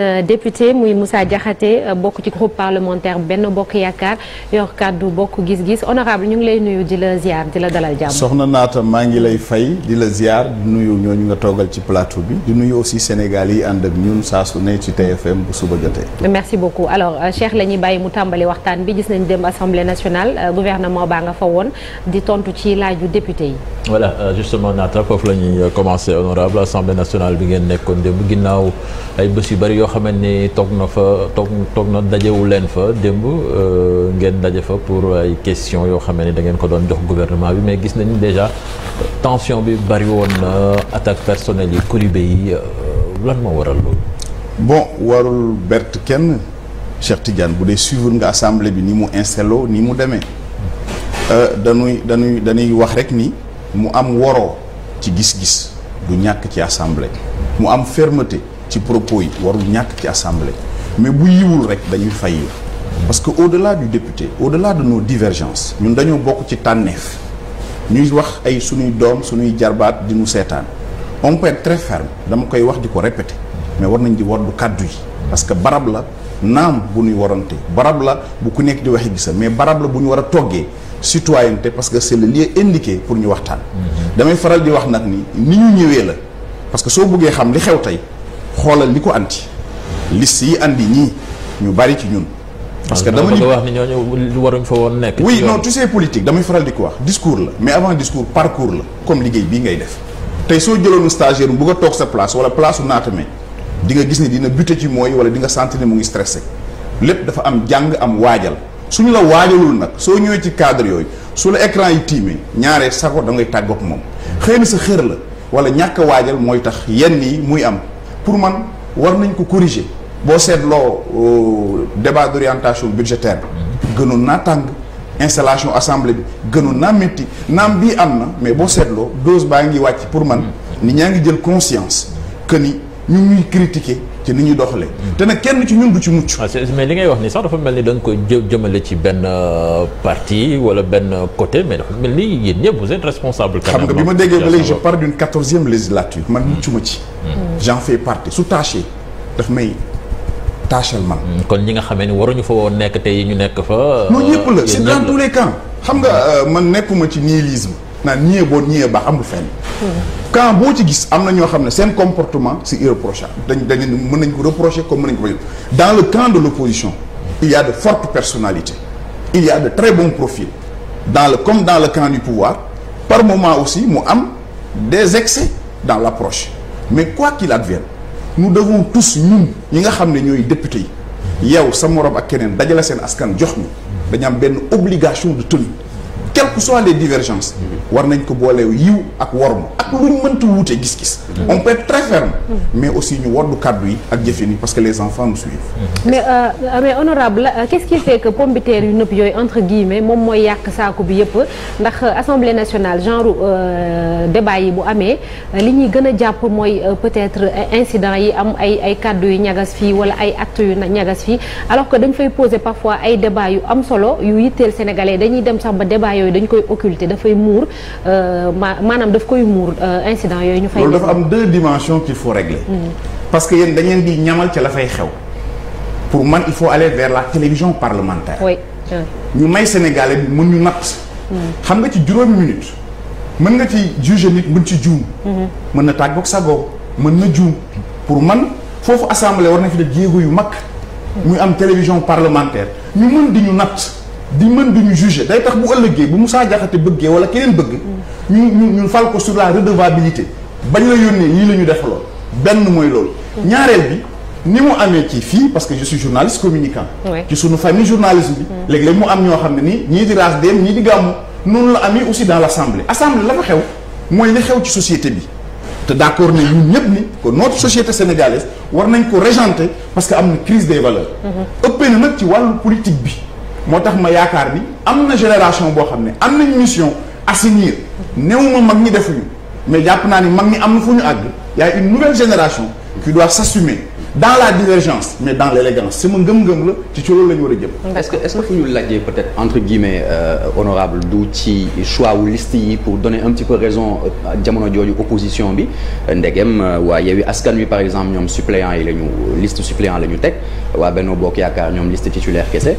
Euh, député muy Moussa Diakhaté euh, bokk ci groupe parlementaire benn bokk yaakaar yor bokk gis-gis honorable ñu ngi lay nuyu di la ziar di la dalal jàmm. soxna naata maa ngi lay fay di la ziar di nuyu ñooñu nga toogal ci plateau bi du nuyoo aussi Sénégal yi ànd ak ñun saa su ne ci TFM bu suba jotee. merci beaucoup alors euh, Cheikh la ñuy bàyyi mu tàmbali waxtaan bi gis nañ dem assemblée nationale gouvernement baa nga fa woon di tontu ci laaju député yi. wala justement naata foofu la ñuy commencé honorable assemblée nationale bi ngeen nekkoon démb ginnaaw ay bés yu bari xamante ni toog na fa toog toog na dajewu leen fa démb euh, ngeen daje fa pour ay questions yoo xamante ni da ngeen ko doon jox gouvernement bi mais gis nañu déjà tension bi bari attaque personnelle yi Koulibé yi euh, lan moo waral loolu. bon warul bert kenn Cheikh bu dee suivre nga bi ni mu installé ni mu demee euh, dañuy dañuy dañuy wax rek ni mu am woroo ci gis-gis du ñàkk ci assemblée mu am fermeté. ci propos yi warul ñàkk ci assemblée mais bu yiwul rek dañuy fayyu parce que au de la du député au de la de nos divergences ñun dañoo bokk ci tànneef ñuy wax ay sunuy doom suñuy jarbaat di mu seetaan on peut être très ferme dama koy wax di ko répéter mais war nañ di war du kàddu yi parce que barab la naam bu ñuy warante barab la bu ku nekk di waxe gisam mais barab la bu ñu war a toggee citoyenneté parce que c'est la lieu indiqué pour ñu waxtaan mm-hmm. damay faral di wax nag ni ni ñu ñëwee la parce que soo bëggee xam li xew tey xoolal li ko anti liste yi andi ñii ñu bari ci ñun. parce que dama wax ni ñooñu waruñ fa woon nekk. oui non tu sais politique damay faral di ko wax discours la mais avant discours parcours la comme liggéey bi ngay def tey soo jëloonu stagiaire bu nga toog sa place wala place su naatame di nga gis ni dina buté ci mooy wala di nga sentir ne mu ngi stressé lépp dafa am jàng am waajal suñu la waajalul nag soo ñëwee ci cadre yooyu su la écran yi tiimee ñaaree sago da ngay tàggoog moom xëy na sa xër la wala ñàkk waajal mooy tax yenn yi muy am. pour man war nañ ko corriger boo seetloo euh, débat d'orientation budgétaire mm-hmm. gënoon naa tàng installation assemblée bi gënoon naa métti naam bii am na mais boo seetloo dose baa ngi wàcc pour man mm-hmm. ni ñaa ngi jël conscience que ni ñu ñuy critiquer ci ni ñuy doxalee. te nag kenn ci ñun du ci mucc. Ah, mais li ngay wax ni sax dafa mel ni da nga koy jë jëmale ci benn euh, parti wala benn côté mais dafa mel ni yéen ñëpp vous êtes xam nga bi ma déggee ba léegi je parle d'une quatorzième législature. man hmm. muccu ma ci. Hmm. j'en partie su tâché daf may tâchal man. Hmm, kon ñi nga xamee ni waruñu fa woon nekk tey ñu nekk fa. non ñëpp la euh, c'est dans tous les camps. xam nga euh, man nekkuma ci nihilisme. naan ñii bon ñii baax amul fenn. Hmm. quand boo ci gis am na ñoo xam ne seen comportement c'est irréprochable dañ dañ mën nañ ko reprocher comme mën ko bañ le camp de l'opposition il y a de il de très bons profils dans le comme dans le camp du par moment aussi mu am des excès dans l'approche mais quoi qu'il advienne nous devons tous ñun ñi nga xam ne ñooy députés yi yow sa moroom ak keneen dajale seen askan jox ñu dañu am benn obligation de tenue quelles que les divergences war nañ ko booleew yiw ak worma ak luñ mënta wuute gis-gis on peut être très ferme mais aussi ñu woddu kàddu yi ak jëfin yi parce que les enfants nous suivent mais euh, honorable euh, qu'est-ce qui que pombiteer yu nëpp yooyu entre guillemets moom mooy yàq saaku bi yëpp ndax euh, assemblée nationale genre euh, débat yi bu amee li ñuy gën a jàpp mooy peut-être incident yi am ay ay kàddu yu ñagas fii wala ay actes yu ñagas fii alors que dañ fay poser parfois ay débat yu am solo yu yitteel sénégalais dañuy dem sax ba débat yooyu dañ koy occulter dafay muur maanaam daf koy muur incident yooyu ñu fay deux dimensions qu'il faut régler mm. parce que yéen dañ leen di ñamal ca la fay xew pour man il faut aller vers la télévision parlementaire ñu may sénégalais bi mën ñu natt mm. xam nga ci juróom minute mën nga ci juger nit mën ci juum mm-hmm. mën na tàggoog sagoom mën na juum pour man foofu assemblée war na fi def jéego yu mag mm. muy am télévision parlementaire ñu mën di ñu natt di mën di ñu juger day tax bu ëllëgee bu Moussa Diakhaté bëggee wala keneen bëgg ñu ñu fal ko sur la redevabilité bañ la yónnee lii la ñu defaloon benn mooy loolu. ñaareel bi ni mu amee ci fii parce que je suis journaliste communicant. ci sunu famille journalisme bi. Mm. léeg-léeg mu am ñoo xam ne nii ñii di raas dem ñii di gàmmu noonu la amee aussi dans l' assemblée. assemblée la fa xew mooy li xew ci société bi te d' accord ne ñëpp ni ko notre société sénégalaise war nañ ko régenter parce que am na crise des valeurs. Mm-hmm. ëppee na nag ci wàllu politique bi. moo tax ma yaakaar ni am na génération boo xam ne am nañ mission assainir néew ma mag ñi defuñu. mais jàpp naa ni mag ñi am na fu ñu àgg y a une nouvelle génération qui doit s'assumer dans la divergence mais dans l'élégance sama ngëm-ngëm la ci la ñu war a jëm. est-ce que est-ce que fu ñu lajjee peut-être entre guillemets euh, honorable du ci choix wu liste yi pour donner un petit peu raison euh, jamono jooju opposition bi euh, ndegem waa Yewwi Askan Wi par exemple ñoom suppléants yi la ñu liste suppléant la ñu teg waa Benno Bokk Yaakaar ñoom liste titulaire kese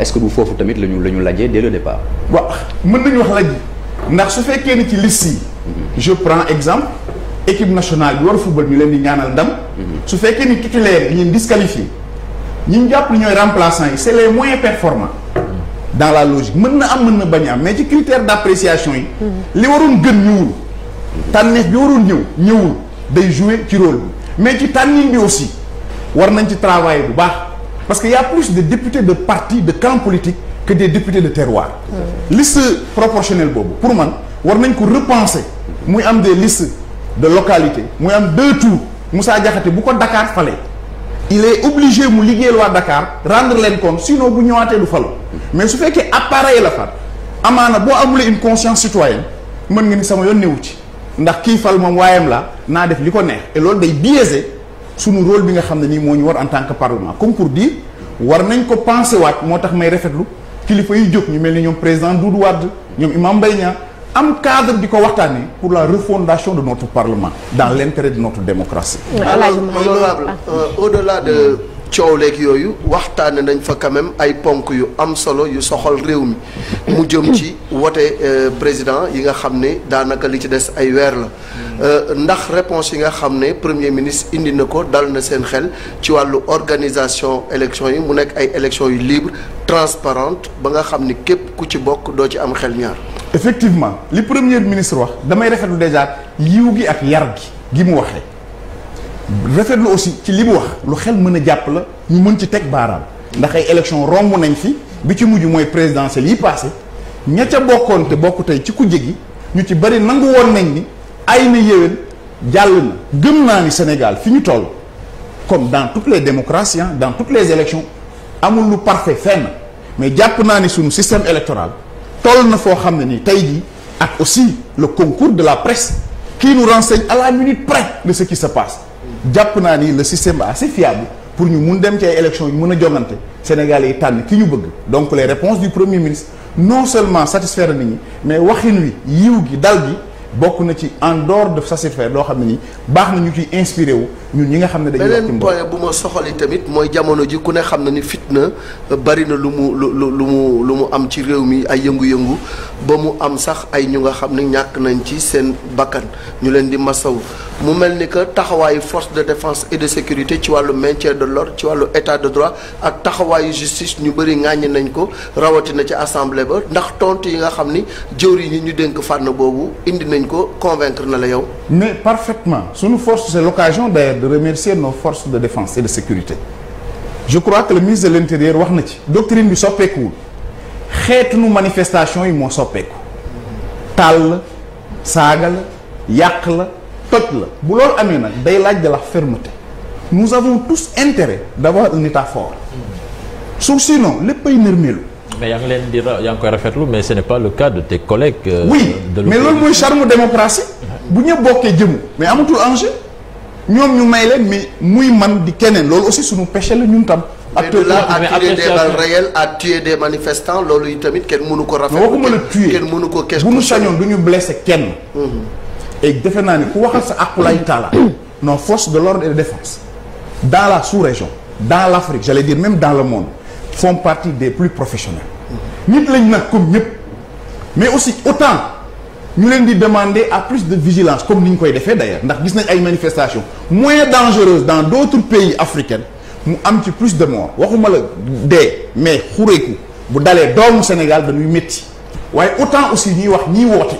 est-ce que du foofu tamit la ñu la ñu lajjee dès le départ. waaw mën wax lajj. ndax su fekkee ni ci liste yi je prends exemple équipe nationale bi war a football ñu leen di ñaanal ndam mhm. su fekkee ni titulaire yi ñun disqualifié ñi ñu jàpp ni ñooy remplaçant yi c'est les moins performants mhm. dans la logique mën na am mën na bañ am mais ci critère d'appréciation yi mhm. li waroon gën ñëwul tànneef bi warul ñëw ñëwul day jouer ci rôle bi mais ci tànnin bi aussi war nañ ci travailler bu baax parce que y a plus de députés de partie de camps politiques que des députés de terroir. liste proportionnelle boobu pour man war nañ ko repenser muy am des listes de localité muy am deux tour Moussa Diakhaté bu ko Dakar fale il est obligé mu liggéeyal waa Dakar rendre leen compte sinon bu ñëwaatee lu falo mais su fekkee appareil la far amaana boo amulee une conscience citoyenne mën nga ni sama yoon newu ci ndax kii fal moom waayam la naa def li ko neex et loolu day biaisé sunu rôle bi nga xam ne nii moo ñu war en tant que parlement comme pour dire war nañ ko pensé waat moo tax may rafetlu kilifa yu jóg ñu mel ni ñoom président Doudou Wade ñoom Imam Mbaye Niang am cadre di ko waxtaanee pour la refondation de notre parlement dans l'intérêt de notre démocratie. Alors, honorable, ah. euh, au-delà de coow leeg yooyu waxtaane nañ fa quand même ay ponk yu am solo yu soxal réew mi mu jëm ci wote euh, président yi nga xam ne daanaka li ci des ay weer la euh, ndax réponse yi nga xam ne premier ministre indi na ko dal na seen xel ci wàllu organisation élection yi mu nekk ay élection yu libre transparente ba nga xam ni képp ku ci bokk doo ci am xel ñaar effectivement li premier ministre wax damay rafetlu déjà yiw gi ak yar gi gi mu waxee rafetlu aussi ci li mu wax lu xel mën a jàpp la ñu mën ci teg baaraam ndax ay élection romb nañ fi bi ci mujj mooy présidentielle yi passé ña ca bokkoon te bokku tey ci kujje gi ñu ci bëri nangu woon nañ ni ay na yéwén jàll na gëm naa ni Sénégal fi ñu toll comme dans toutes les démocraties dans toutes les élections amul lu parfait fenn mais jàpp naa ni sunu système électoral toll na foo xam ne ni tey jii ak aussi le concours de la presse kii nous renseigne à la minute près de jàpp naa ni le système assez fiable pour ñu mun dem ci ay élections yu mun a jongante Sénégalais yi tànn ki ñu bëgg donc les réponses du premier ministre non seulement satisfaire nit ñi mais waxin wi yiw gi dal gi bokk na ci en dehors de satisfaire loo xam ne nii baax na ñu ciy inspiré wu ñun ñi nga xam ne dañuy wax ci mbir beneen point bu ma soxali tamit mooy jamono ji ku ne xam na ni fitna bari na lu mu lu lu mu lu mu am ci réew mi ay yëngu-yëngu ba mu am sax ay ñu nga xam ne ñàkk nañ ci seen bakkan ñu leen di masaw mu mel ni que taxawaayu force de défense et de sécurité ci wàllu maintien de l'ordre ci wàllu état de droit ak taxawaayu justice ñu bëri ngàññ nañ ko rawatina ci assemblée ba ndax tontu yi nga xam ni jëwriñ yi ñu ñu dénk fànn boobu indi nañ ko convaincre na la yow. matière de remercier nos force de défense et de sécurité je crois que le ministre de l'intérieur wax na ci doctrine bi soppeekuwul xeetunu manifestation yi moo soppeeku taal la saaga la yàq la toj la bu loolu amee nag day laaj de la fermeté nous avons tous intérêt d'avoir un état fort su sinon léppay nërmeelu mais yaa ngi leen di yaa ngi koy rafetlu mais ce n'est pas le cas de tes collègues. Euh, oui de mais loolu mooy charme démocratie bu ñëpp bokkee jëmu mais amatul enjeu. ñoom ñu may leen mais muy man di keneen loolu aussi suñu péché la ñun tam. acteur là à tirer des balles réelles à tuer des loolu yi tamit kenn mënu ko rafetlu. waxuma la tuer kenn mënu ko question. bu ñu sañoon du ñu blessé kenn. Mm-hmm. et defe naa ne ku waxal sa akulaay taala. nos forces de l'ordre et de défense. dans la sous-région. dans l'Afrique j'allais dire même dans le monde. font partie des plus professionnels. Mm-hmm. nit lañ nag comme ñëpp. mais aussi autant. ñu leen di demander à plus de vigilance comme ni ñu koy defee d'ailleurs ndax gis nañ ay manifestations moins dangereuses dans d'autres pays africains mu am ci plus de morts waxuma la dee mais xureeku bu dalee doomu Sénégal dañuy métti waaye autant aussi ñuy wax ñiy woote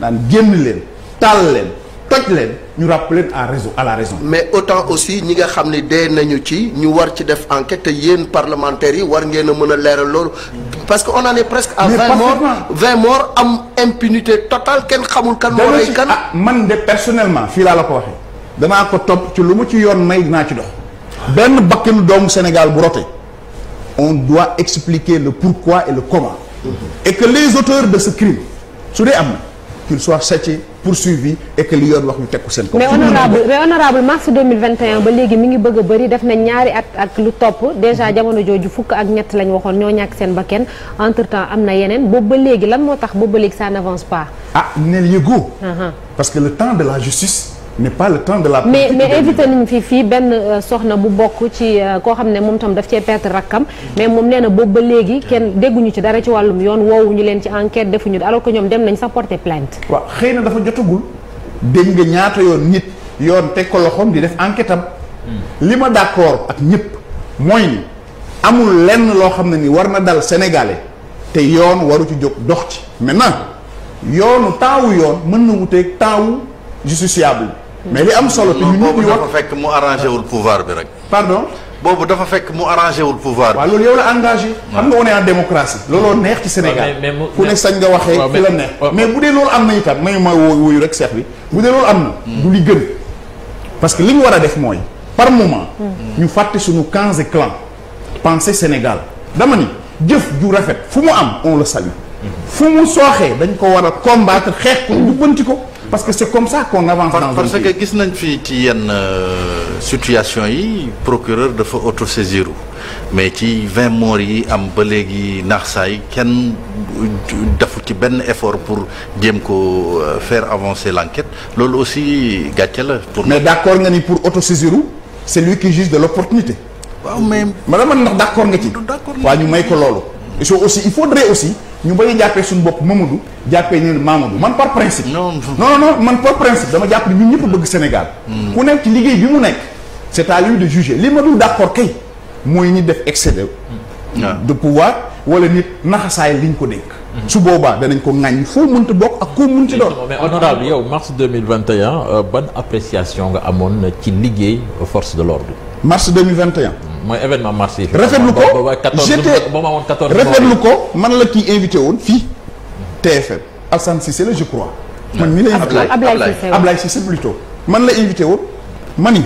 naan génn leen taal leen. toj leen ñu rappeler leen à réseau à la raison. mais autant aussi ñi nga xam ne dee nañu ci ñu war ci def enquête te yéen parlementaires yi war ngeen a mën a leeral loolu. parce que on en est presque à. mais 20 morts 20 am impunité total kenn xamul kan. moo lay kan ah, man de personnellement fii laa la ko waxee. danaa ko topp ci lu mu ci yoon may dinaa ci dox. benn bakkanu doomu Sénégal bu rote on doit expliquer le pourquoi et le comment. et que les auteurs de ce crime su dee am na. qu'il soit châtié yoon wax ñu teg ko seen kaw. mais honorable mais honorable mars ba léegi mi ngi bëgg a bëri def na ñaari at ak lu topp déjà mhm. jamono jooju fukk ak ñett lañ waxoon ñoo ñàkk seen ba bakkan entre temps am na yeneen boobu ba léegi lan moo tax boobu ba léegi ça n'avance pas. ah nel yëgoo. parce que le temps de la justice. n'est pas le la. mais mais invité nañu fi fii benn euh, soxna bu bokk ci euh, koo xam ne moom tam daf cee perte rakkam mais moom nee na boobu ba léegi kenn dégguñu ci dara ci wàllum yoon woowuñu leen ci enquête defuñu alors ko ñoom dem nañ sa porter plainte. waaw xëy na dafa jotagul dégg nga ñaata yoon nit yoon teg ko loxoom di def enquetam hmm. li ma d'accord ak ñëpp mooy ni amul lenn loo xam ne ni war na dal sénégalais te yoon waru ci jóg dox ci. na yoonu taawu yoon mën na wuteeg taawu justiciable. mais li am solo. te ñun ñëpp ñu wax dafa fekk mu arrangé wul pouvoir bi rek. pardon. boobu dafa fekk mu arrangé wul pouvoir bi. waaw loolu yow la engagé. xam nga on est démocratie. looloo neex ci Sénégal ku ne sañ nga waxee. waaw la neex mais bu dee loolu am na itam may ma wuyu rek seex bi bu dee loolu am na. Hmm. du li gën parce que li mu war a def mooy par moment. Hmm. ñu fàtte suñu camps et clans. penser Sénégal dama ni jëf ju rafet fu mu am on le hmm. sooxee dañ ko war a combattre xeex ko jubbanti ko. parce que c'est comme ça qu'on avance. dans parce que gis nañ fii ci yenn euh, situation yi procureur dafa auto autosaisir mais ci vingt morts yi am ba léegi naax saay kenn defu ci benn effort pour jéem ko euh, faire avancer l'enquête loolu aussi gàcce la. pour mais d'accord nga ni pour autosaisir c'est lui qui juge de l'opportunité. waaw mais. ma man ndax d'accord nga ci. d'accord waa ñu may ko loolu. et aussi il faudrait aussi. ñu bañ a jàppee suñu bopp Mamadou jàppee ne Mamadou man par principe. non non non man par principe dama jàpp ne ñun ñëpp bëgg Sénégal. Hmm. ku nekk ci liggéey bi mu nekk. c'est à lu de juger li ma dul d'accord kay mooy ñi def excès de. Hmm. Ah. de pouvoir wala nit naxasaay liñ ko dénk. Hmm. su boobaa danañ ko ŋaññ foo mënta bokk ak koo mënti doon. mais honorable yow mars 2021 euh, ban appréciation nga amoon ci liggéey force de l'ordre. mars 2021. mooy événement mars yi. rafetlu ko ba rafetlu ko man la kii invité woon fii. TFM Alsane Cissé la je crois. man mi lay invité Ablaye Ablaye man la invité woon mani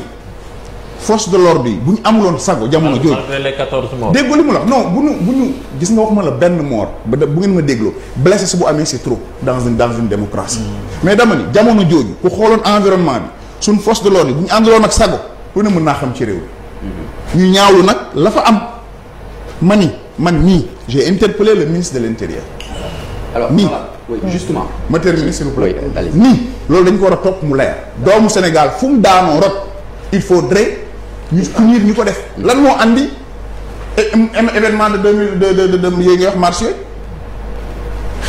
force de l'ordre yi bu ñu amuloon sago jamono jooju déggoo li mu la non bu ñu bu ñu gis nga wax ma la benn moor ba bu ngeen ma dégloo blessé su bu amee c'est trop dans une dans une démocratie mm. mais dama ni jamono jooju ku xooloon environnement bi suñ force de l'ordre yi bu ñu ànduloon ak sago lu ne mën naa xam ci réew mi ñu ñaawlu nag la fa am mani man mii j'ai interpellé le ministre de l'intérieur alors nii oui justement ma terminer s'il vous plaît nii loolu dañ ko war a topp mu leer doomu Sénégal fu mu daanoo rot il faudrait ñu punir ñu ko def lan moo andi événement de deux mille de de de yooyu ngi wax marché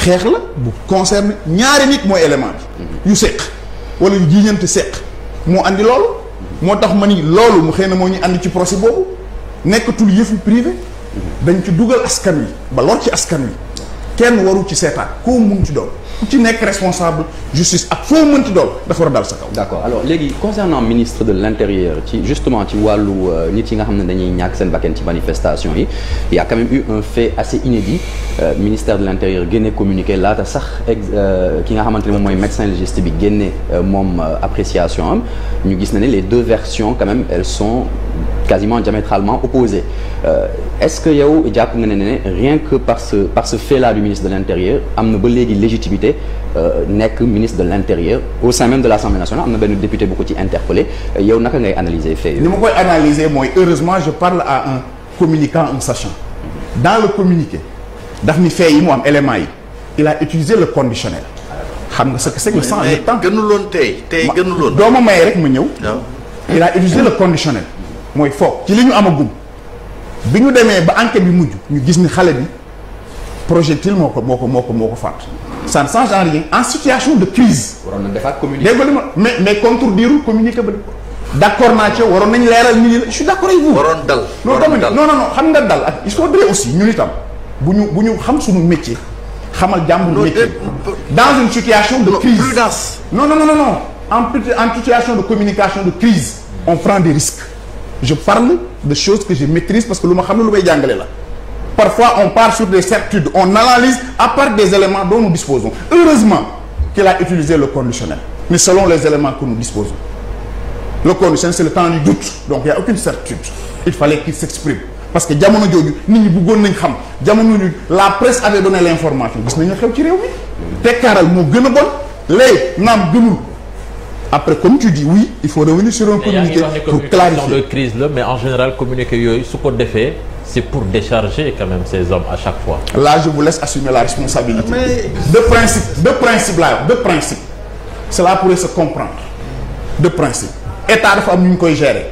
xeex la bu concerne ñaari nit mooy élément bi mm-hmm. yu seq wala yu jiiñante seq moo andi loolu moo tax ma ni loolu mu xëy na moo ñu ànd ci procès boobu nekkatul yëfu privé dañ ci dugal askan wi ba lor ci askan wi kenn waru ci seetaan koo léegi concernant ministre de l'intérieur ci justement ci euh, yi nga xam ne dañuy ñàkk seen bakkan ci manifestation yi y a quand même eu un fait assez inédit euh, ministère de l'intérieur génne communiqué laata sax euh, ki nga xamante ne moom mooy médecin légiste bi génne euh, moom appréciation am ñu gis na ne les deux versions quand même elles sont quasiment diamétralement opposées euh, est-ce que yow jàpp nga ne rien que par ce par ce fait là du ministre de l'intérieur am na ba léegi légitimité euh, nekk ministre de l'intérieur au sein même ni ma koy analyser mooy heureusement je parle à un communicant un sachant dans daf ni fait yi mu am éléments yi il a utilisé le conditionnel xam nga ce que c'est que le sens le temps gënuloon doo ma rek ma ñëw ah. il a utilisé le conditionnel mooy foog ci li ñu amagum bi ñu demee ba enquête bi mujj ñu gis ni xale bi projectile moo ko moo ko moo ko moo ko faat ça ne change en rien en situation de crise waroon na defaat communiqué dégg mais mais contredire communiqué ba d' accord naa ci waroon nañ leeral ñu ne je suis d' accord avec waroon dal non non non xam nga dal ak il faudrait aussi ñun itam bu ñu bu ñu xam suñu métier xamal jàmbur métier euh, dans une situation de crise prudence non non non non non en situation de communication de crise on prend des risques je parle de choses xam ne lu may jàngale la Parfois, on part sur des certitudes, on analyse à part des éléments dont nous disposons. Heureusement qu'il a utilisé le conditionnel, mais selon les éléments que nous disposons. Le conditionnel, c'est le temps du doute, donc il n'y a aucune certitude. Il fallait qu'il s'exprime. parce que jamono jooju nit ñi bëggoon nañ xam jamono la presse avait donné l'information gis nañu xew ci réew mi. tekkaaral moo gën a bon lay naam gënul après comme tu dis oui il faut revenir sur un communiqué pour clarifier mais en général communiqué yooyu su ko defee c'est pour décharger quand même ces hommes à chaque fois là je vous laisse assumer la responsabilité mais... de principe de principe là de principe cela pourrait se comprendre de principe état dafa am nu ñu koy gérer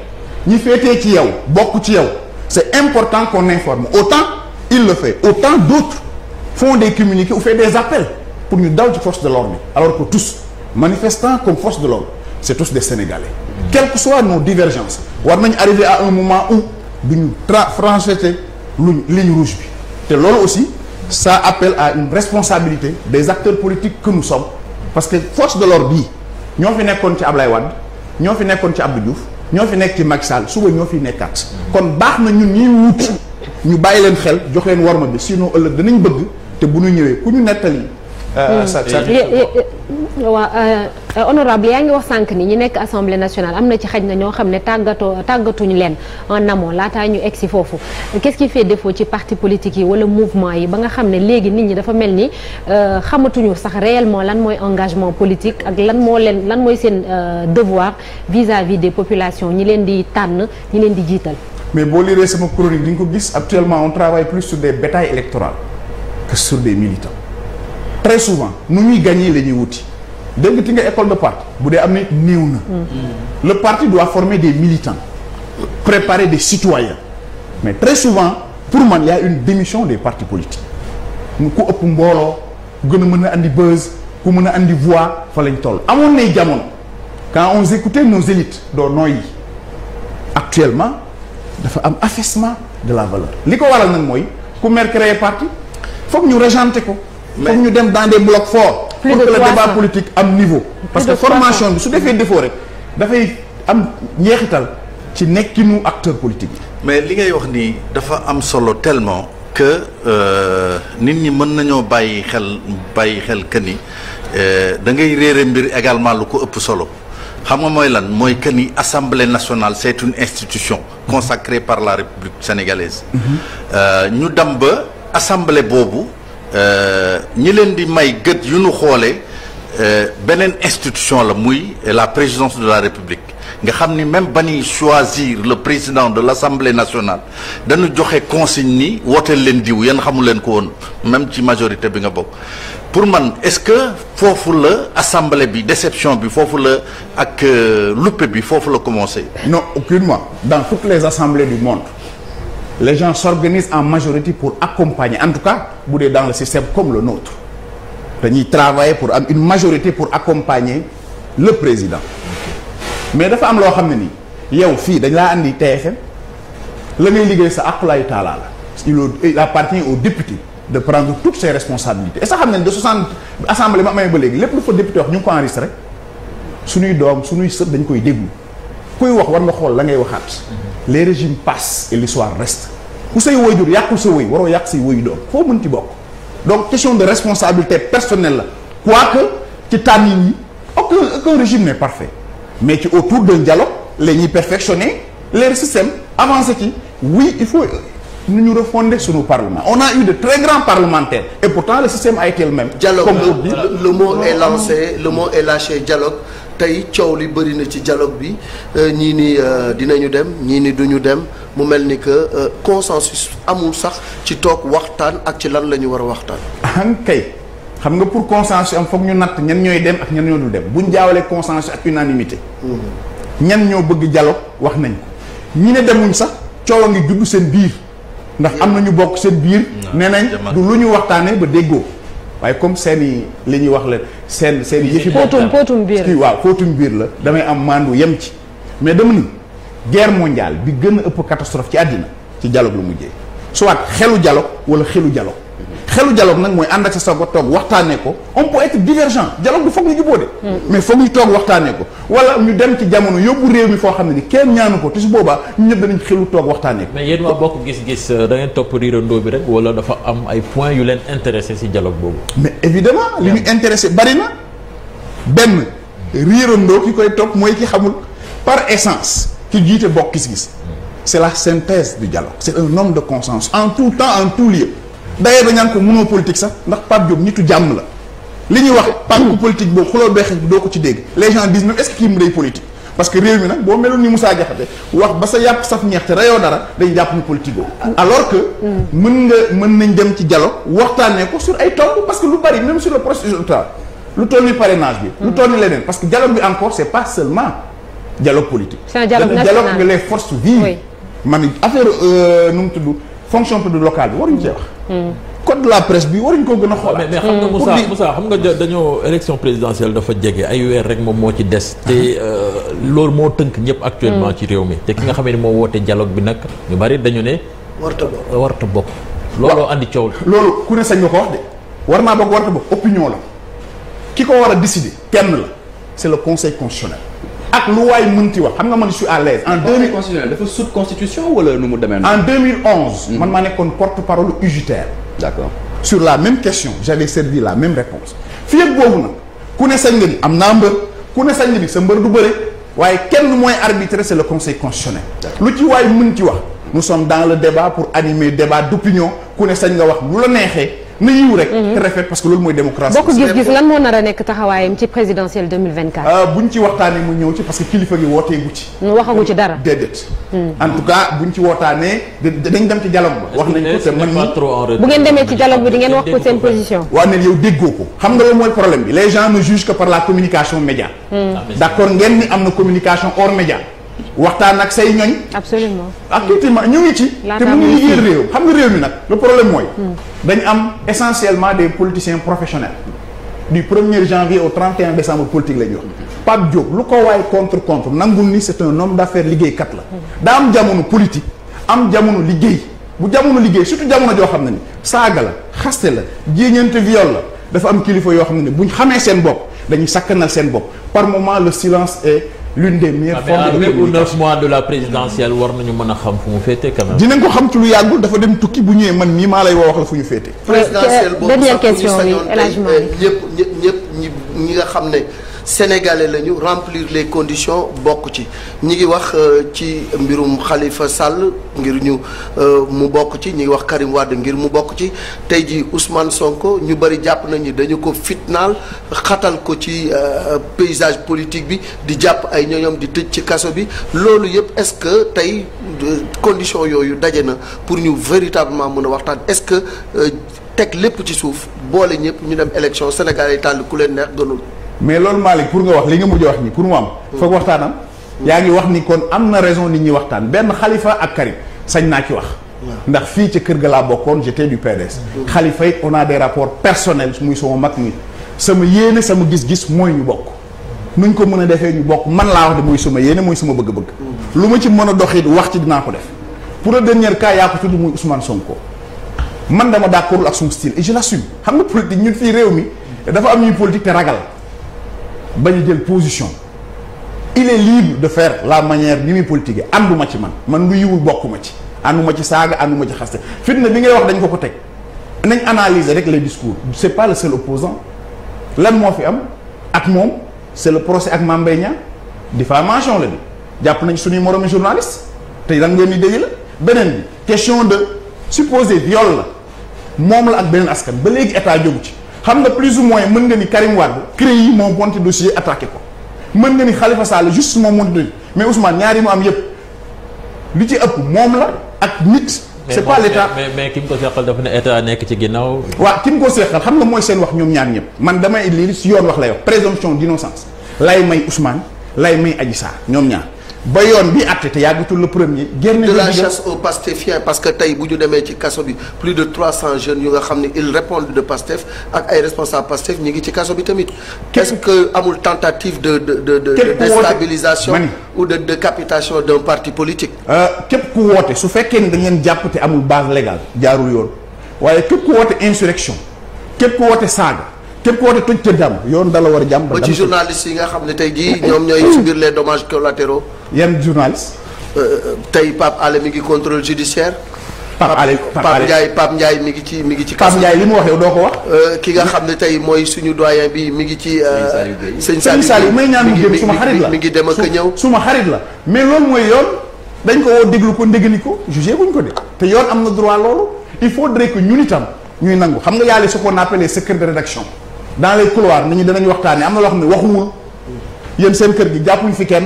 ñi féetee ci yow bokk ci yow c'est important qu'on informe autant il le fait autant d'autres font des communiqués ou fait des pour ñu daw ci force de l'ordre alors que manifestants comme force de l'ordre c'est tous des Sénégalais quelles que soient nos war nañ arriver à un moment où duñu franchité lu ligne rouge bi te loolu aussi sa appelle à une responsabilité des acteurs politiques que nous parce que force de l'ordre bii ñoo fi nekkoon ci Ablaye Wade ñoo fi nekkoon ci Abdou Diouf ñoo fi nekk ci Macky suba ñoo fi nekkaat kon baax na ñun ñuy wut ñu bàyyi leen xel jox leen warma bi sinon ëllëg danañu bëgg te bu ñu ñëwee ku ñu nettali Euh, hmm. waaw euh, honorable yaa ngi wax sànq ni ñi nekk assemblée nationale am na ci xaj na ñoo xam ne tàggatoo tàggatuñu leen en amont laataa ñu egg si foofu qu'est-ce qui fait défaut ci parti politique yi wala mouvement yi ba nga xam ne léegi nit ñi dafa mel ni euh, xamatuñu sax réellement lan mooy engagement politique ak lan moo leen lan mooy seen devoir vis-à-vis des population ñi leen di tànn ñi leen di jiital mais boo liree sama chronique di nga ko gis actuellement on travaille plus sur des batailles électorales très souvent nu ñuy gagner la ñuy wuti dégg ti nga école de parti bu dee am na néew na. Mm. le parti doit former des militants préparer des citoyens mais très souvent pour man y a une démission des partis politiques ku ëpp mbooloo gën a mën a andi buzz ku mën a indi voix fa lañ toll. amoon nay jamono quand on écoutait nos élites doo nooy yi actuellement dafa am affaissement de la valeur li ko waral nag mooy ku mer créer parti foog ñu régenter ko. mais ñu dem dans des blocs forts. pour que le débat politique am niveau. parce que formation bi su defee defoo rek dafay am njeexital ci nekkinu acteur politique yi. mais li ngay wax nii dafa am solo tellement. que euh, nit ñi mën nañoo bàyyi xel bàyyi xel que ni euh, da ngay réere mbir également lu ko ëpp solo xam nga mooy lan mooy que ni assemblée nationale c' une institution consacrée par la république sénégalaise. Mm-hmm. Euh, ñu dem ba assemblée boobu. ñi leen di may gët yu nu xoolee euh, beneen institution la muy la présidence de la république nga xam ni même ba ñuy choisir le président de l' assemblée nationale dañu joxe consigne ni wooteel leen diw yéen xamu leen ko woon même ci majorité bi nga bokk pour man est-ce que foofu la assemblée bi déception bi foofu la ak euh, luppe bi foofu la commencé. non aucunement dans toutes les assemblées du monde. les gens s'organisent en majorité pour accompagner en tout cas bu dee dans le système comme le nôtre dañuy travailler pour am une majorité pour accompagner le président mais dafa am loo xam ne nii yow fii dañ laa andi TFM la ngay liggéey sa aqulaayu taalaa la il appartient au députés de prendre toutes ses responsabilités et sa xam ne de 60 assemblée ma amee ba léegi lépp lu fa député wax ñu ngi ko enregistré suñuy doom suñuy sët dañ koy déglu kuy wax war nga xool la ngay waxaat les régimes passent et l'histoire reste ku say waajur yàqul sa wëy waroo yàq say wëyu doom foo mënti bokk donc question de responsabilité personnelle la que ci tànn yi aucun aucun régime n'est parfait mais ci autour de dialogue la ñuy perfectionner les systèmes avancé ci oui il faut nu ñu refonder sunu parlement on a eu de très grands parlementaires et pourtant le système a été le même. dialogue comme on dit le mot est lancé tey coow li bëri na ci dialogue bi euh, ñii ni euh, dinañu dem ñii ni duñu dem mu mel ni que euh, consensus amul sax ci toog waxtaan ak ci lan la ñu war a waxtaan. ankay xam nga pour consensus am foog ñu natt ñan ñooy dem ak ñan ñoo dul dem buñ jaawalee consensus ak unanimité mhm. ñan ñoo bëgg dialogue wax nañ ko ñi ne demuñ sax ndax am na ñu bokk seen biir. nee nañ du lu ñu waxtaanee ba déggoo. waaye comme seen i li ñuy wax la seen seen yëfi bopp la fóotum biir la waaw fóotum biir la. damay am maandu yem ci. mais dama ni guerre mondiale bi gën a ëpp catastrophe ci àddina ci dialogue lu mujjee soit xelu dialogue wala xelu dialogue. xelu dialogue nag mooy ànd ak sa sago toog waxtaanee ko om peut être divergent dialogue du foog ñu jubóode hmm. mais foog ñu toog waxtaanee ko wala ñu dem ci jamono yóbbu réew mi foo xam ne ni kenn ñaanu ko te su boobaa ñu ñëpp danañ xelu toog waxtaanee ko mais yéen waa bokk gis-gis euh, da ngeen topp riirandoo bi rek wala dafa am ay point yu leen intéressé si dialogue boobu mais évidemment li ñu intéressé bari benn riirandoo ki koy topp mooy ki xamul par essence ki jiite bokk gis-gis hmm. c'est la synthèse du dialogue c'est un homme de consensus en tout temps en tout lieu dayee ba ñaan ko mënoo politique sax ndax Pape Diop nitu jàmm la li ñu wax parti hmm. politique boobu xuloo beexe bi doo ko ci dégg les gens disent est-ce que day politique parce que réew mi nag boo meloon ni Moussa Diakhaté wax ba sa yàpp saf ñeex te reyoo dara dañ jàpp ni politique ah. alors que hmm. mën nga mën nañ dem ci dialogue waxtaanee ko ay tomb parce que lu bari même sur le processus électoral lu toll ni parrainage bi lu hmm. toll ni leneen parce que dialogue bi encore c'est pas seulement dialogue politique c'est un dialogue national dialogue nga les forces vives man affaire euh, nu mu tudd fonction publique local bi waruñu cee wax. code la presse bi waruñ ko gën a xoolaat. mais xam nga Moussa musaa xam nga dañoo élection présidentielle dafa jege ay weer rek moom moo ci des. te euh, loolu moo tënk ñëpp actuellement mm. ci réew mi. te ki nga xam ne moo woote dialogue bi nag ñu bari dañu ne. warta bokk bokk. looloo andi coow la. loolu ku ne sañ ko wax de war naa bokk warta bokk opinion la ki ko war a décider kenn la c'est le conseil constitutionnel. ak lu waay ci wax xam nga man je suis à l'aise en 2000 constitutionnel dafa wala nu mu demee en 2011 hmm. man maa nekkoon porte parole UJTR d'accord sur la même question j'avais servi la même réponse fii ak boobu nag ku ne sañ nga ni am naa mbër ku ne sañ nga ni sa mbër du bëre waaye kenn mooy arbitré c'est le conseil constitutionnel lu ci waay mënti wax nous sommes dans le débat pour animer débat d'opinion ku ne sañ nga wax lu la neexee na yiw rek. Mhm. te rafet parce que loolu mooy démocratie. bokk gis-gis lan moo nar a nekk taxawaayam ci présidentielle 2024. Euh, buñ ci waxtaanee mu ñëw ci parce que kilifa gi wooteegu ci. waxagu ci dara déedéet. Hmm. en tout cas buñ ci waxtaanee dañ dem ci dialogue ba. wax nañ ko te man mii bu ngeen demee ci dialogue bi di ngeen wax ko seen position. waaw ne yow déggoo ko. xam nga loolu mooy problème bi les gens ne jugent que par la communication média. Hmm. Ah, d'accord ngeen ni waxtaan ak say ñoñ. absolument actuellement ah, ñu ngi ci. te mu ngi liggéey réew xam nga réew mi nag le problème mooy. Hmm. dañ am essentiellement des politiciens professionnels. du 1er janvier au 31 décembre politique la ñuy wax. Pape Diop lu ko waay contre contre nangul ni c'est un homme d'affaires liggéeykat la. Hmm. daa am jamono politique am jamono liggéey bu jamono liggéey surtout jamono joo xam ne ni saaga la xaste la jéeñante viol la dafa am kilifa yoo xam ne ni buñ xamee seen bopp dañuy sakkanal seen bopp l'une des meilleures ah, formes de communication neuf mois de la présidentielle war nañu mën a xam fu mu féete quand même. ko xam ci lu yàggul dafa dem tukki bu ñëwee man mii maa lay woo wax la fu ñu féete. présidentielle boobu sax bu ñu sañoon tey eh, ñëpp ñëpp ñi nga xam ne. sénégalais lañu remplir les conditions bokk ci ñi ngi wax euh, ci mbirum xalifa Sall ngir ñu euh, mu bokk ci ñi ngi wax Karim Wade ngir mu bokk ci tey ji Ousmane sonk ñu bëri jàpp nañu dañu ko fitnaal xatal ko ci euh, paysage politique bi di jàpp ay ñoñom di tëj ci kaso bi loolu yëpp est-ce que tey conditions yooyu daje na pour ñu véritablement mën a waxtaan est-ce que teg lépp ci suuf boole ñëpp ñu dem élection sénégalais yi tànn ku leen neex gënul mais loolu Malick pour nga wax li nga mujj wax ni pour mu am. foog waxtaanam. yaa ngi wax ni kon am na raison nit ñi waxtaan benn xalifa ak Karim sañ naa ci wax. ndax fii ca kër ga laa bokkoon j'étais du PDS. xalifa it on a des rapports personnels muy sama mag mi sama yéene sama gis-gis mooy ñu bokk. nuñ ko mën a defee ñu bokk man laa wax de mooy suma yéene mooy suma bëgg-bëgg. lu ma ci mën a doxit wax ci dinaa ko def. pour le dernier cas yaa ko tudd muy Ousmane man dama d'accordul ak son style et je l'assume xam nga politique ñun fii réew mi dafa am ñuy politique te ba ñu jël position il est libre de faire la manière bi muy politique ànduma ci man man lu yiwul bokkuma ci ànduma ci saaga ànduma ci xaste fitna bi ngay wax dañ ko ko teg nañ analyser rek les discours c'est pas le seul opposant lan moo fi am ak moom c'est le procès ak Mame Mbaye Niang diffamation la bi jàpp nañ suñuy moroomi journaliste te lan ngeen di dégg la beneen bi question de supposé viol la moom la ak beneen askan ba léegi état jógu ci xam nga plus ou moins mën nga ni Karim Wade CREI yi moo monté dossier attaqué ko mën nga ni Khalifa Sall juste moo monté mais Ousmane ñaari mu am yépp lu ci ëpp moom la ak nit. c'est pas l'état mais ki mu ko seqal dafa ne état nekk ci ginnaaw. waaw ki mu ko seqal xam nga mooy seen wax ñoom ñaan ñëpp man damay lii si yoon wax lay wax présomption d'innocence lay may Ousmane lay may Adji Sarr ñoom ñaar. ba yoon bi àtte te yàggatul le premier. génn de la chasse aux pastéfiens parce que tey bu ñu demee ci kaso bi plus de trois cent jeunes yu nga xam ne ils répondent de pastef ak ay responsables pastef ñu ngi ci kaso bi tamit. est-ce que amul tentative de de de de. de déstabilisation ou de décapitation d'un parti politique. Euh, képp ku woote su fekkee ni da ngeen jàpp te amul base légale jaarul yoon waaye képp ku woote insurrection képp ku woote saaga. képp ku woote toj te dam yoon dala war a jàmm ba ci journaliste yi nga xam ne tey jii ñoom ñooy subir les dommages collatéraux yan journaliste. Euh, euh, tey Pape Alé mi ngi contrôle judiciaire Pape Alé Pape Ndiaye Pape Ndiaye mi ngi ci mi ngi ci. Pape Ndiaye li mu wax yow doo ko wax. Euh, ki nga xam ne tey mooy suñu doyen bi mi ngi ci. sëñ Saliou Gueye may ñaan mu jëm suma xarit la mi ngi dem ak ñëw. suma xarit la mais loolu mooy yoon dañ ko woo déglu ko ndéggali ko jugé guñ ko de te yoon am na droit loolu il faudrait que ñun itam ñuy nangu xam nga yàlla ce qu'on appelle secret de rédaction dans les couloirs nit ñi danañ waxtaanee am na loo xam ne waxuwul yéen seen kër gi jàppuñ fi kenn.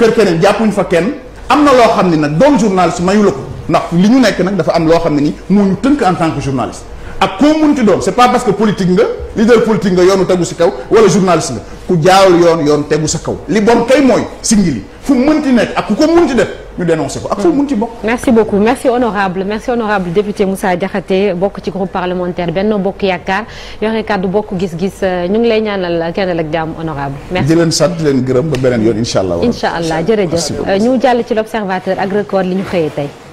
kër keneen jàppuñ fa kenn am na loo xam ne nag doon journaliste mayu la ko ndax li ñu nekk nag dafa am loo xam ne nii moo ñu tënk en tant que journaliste ak koo munti doon c'est pas parce que politique nga leader politique nga yoonu tegu si kaw wala journaliste nga ku jaawul yoon yoon tegu sa kaw li bon kay mooy singili fu mu mënti nekk ak ku ko munti def ñu dénoncé ko ak foo hmm. mun ci bokk. merci beaucoup merci honorable merci honorable député Moussa Diakhaté bokk ci groupe parlementaire Benno Bokk Yaakaar yore kàddu bokk gis-gis ñu ngi lay ñaanal kenn ak jàmm honorable merci di leen sant di gërëm ba beneen yoon incha allah. incha allah jërëjëf ñu jàll ci l'observateur ak record li ñu xëyee tey.